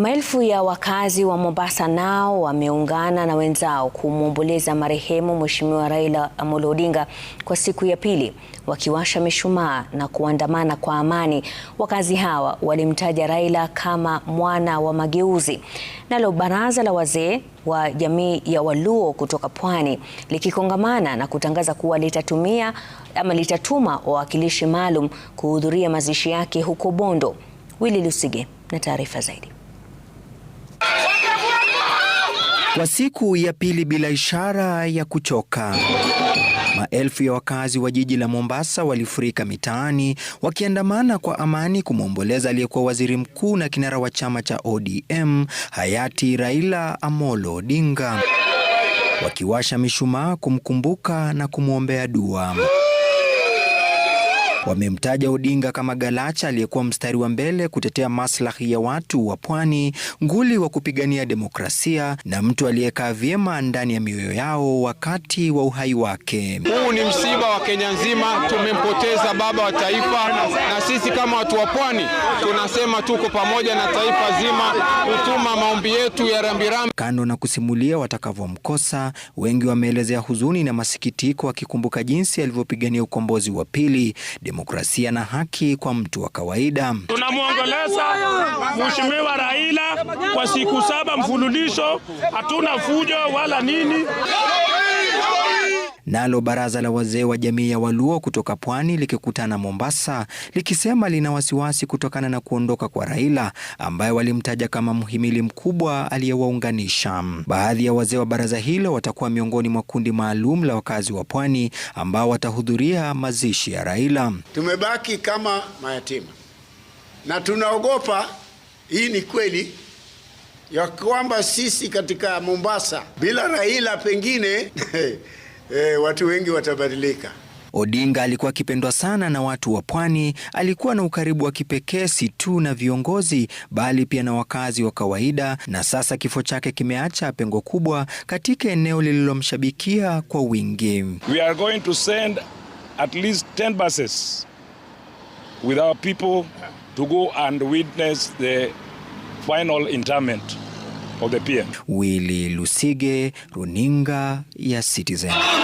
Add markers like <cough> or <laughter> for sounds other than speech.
Maelfu ya wakazi wa Mombasa nao wameungana na wenzao kumwomboleza marehemu Mheshimiwa Raila Amolo Odinga kwa siku ya pili, wakiwasha mishumaa na kuandamana kwa amani. Wakazi hawa walimtaja Raila kama mwana wa mageuzi. Nalo baraza la wazee wa jamii ya Waluo kutoka Pwani likikongamana na kutangaza kuwa litatumia ama litatuma wawakilishi maalum kuhudhuria mazishi yake huko Bondo. Willy Lusige na taarifa zaidi kwa siku ya pili bila ishara ya kuchoka. Maelfu ya wakazi wa jiji la Mombasa walifurika mitaani wakiandamana kwa amani kumwomboleza aliyekuwa waziri mkuu na kinara wa chama cha ODM hayati Raila Amolo Odinga, wakiwasha mishumaa kumkumbuka na kumwombea dua. Wamemtaja Odinga kama galacha aliyekuwa mstari wa mbele kutetea maslahi ya watu wa pwani, nguli wa kupigania demokrasia na mtu aliyekaa vyema ndani ya mioyo yao wakati wa uhai wake. Huu ni msiba wa Kenya nzima, tumempoteza baba wa taifa, na sisi kama watu wa pwani tunasema tuko pamoja na taifa zima kutuma maombi yetu ya rambirambi. Kando na kusimulia watakavyomkosa, wengi wameelezea huzuni na masikitiko wakikumbuka jinsi alivyopigania ukombozi wa pili demokrasia na haki kwa mtu wa kawaida. Tunamwongeleza Mheshimiwa Raila kwa siku saba mfululisho hatuna fujo wala nini. Nalo baraza la wazee wa jamii ya Waluo kutoka pwani likikutana Mombasa likisema lina wasiwasi kutokana na kuondoka kwa Raila ambaye walimtaja kama mhimili mkubwa aliyewaunganisha. Baadhi ya wazee wa baraza hilo watakuwa miongoni mwa kundi maalum la wakazi wa pwani ambao watahudhuria mazishi ya Raila. Tumebaki kama mayatima na tunaogopa, hii ni kweli ya kwamba sisi katika Mombasa bila Raila pengine <laughs> e, watu wengi watabadilika. Odinga alikuwa akipendwa sana na watu wa pwani. Alikuwa na ukaribu wa kipekee si tu na viongozi, bali pia na wakazi wa kawaida, na sasa kifo chake kimeacha pengo kubwa katika eneo lililomshabikia kwa wingi. We are going to send at least 10 buses with our people to go and witness the final interment of the PM. Willy Lusige, Runinga ya Citizen.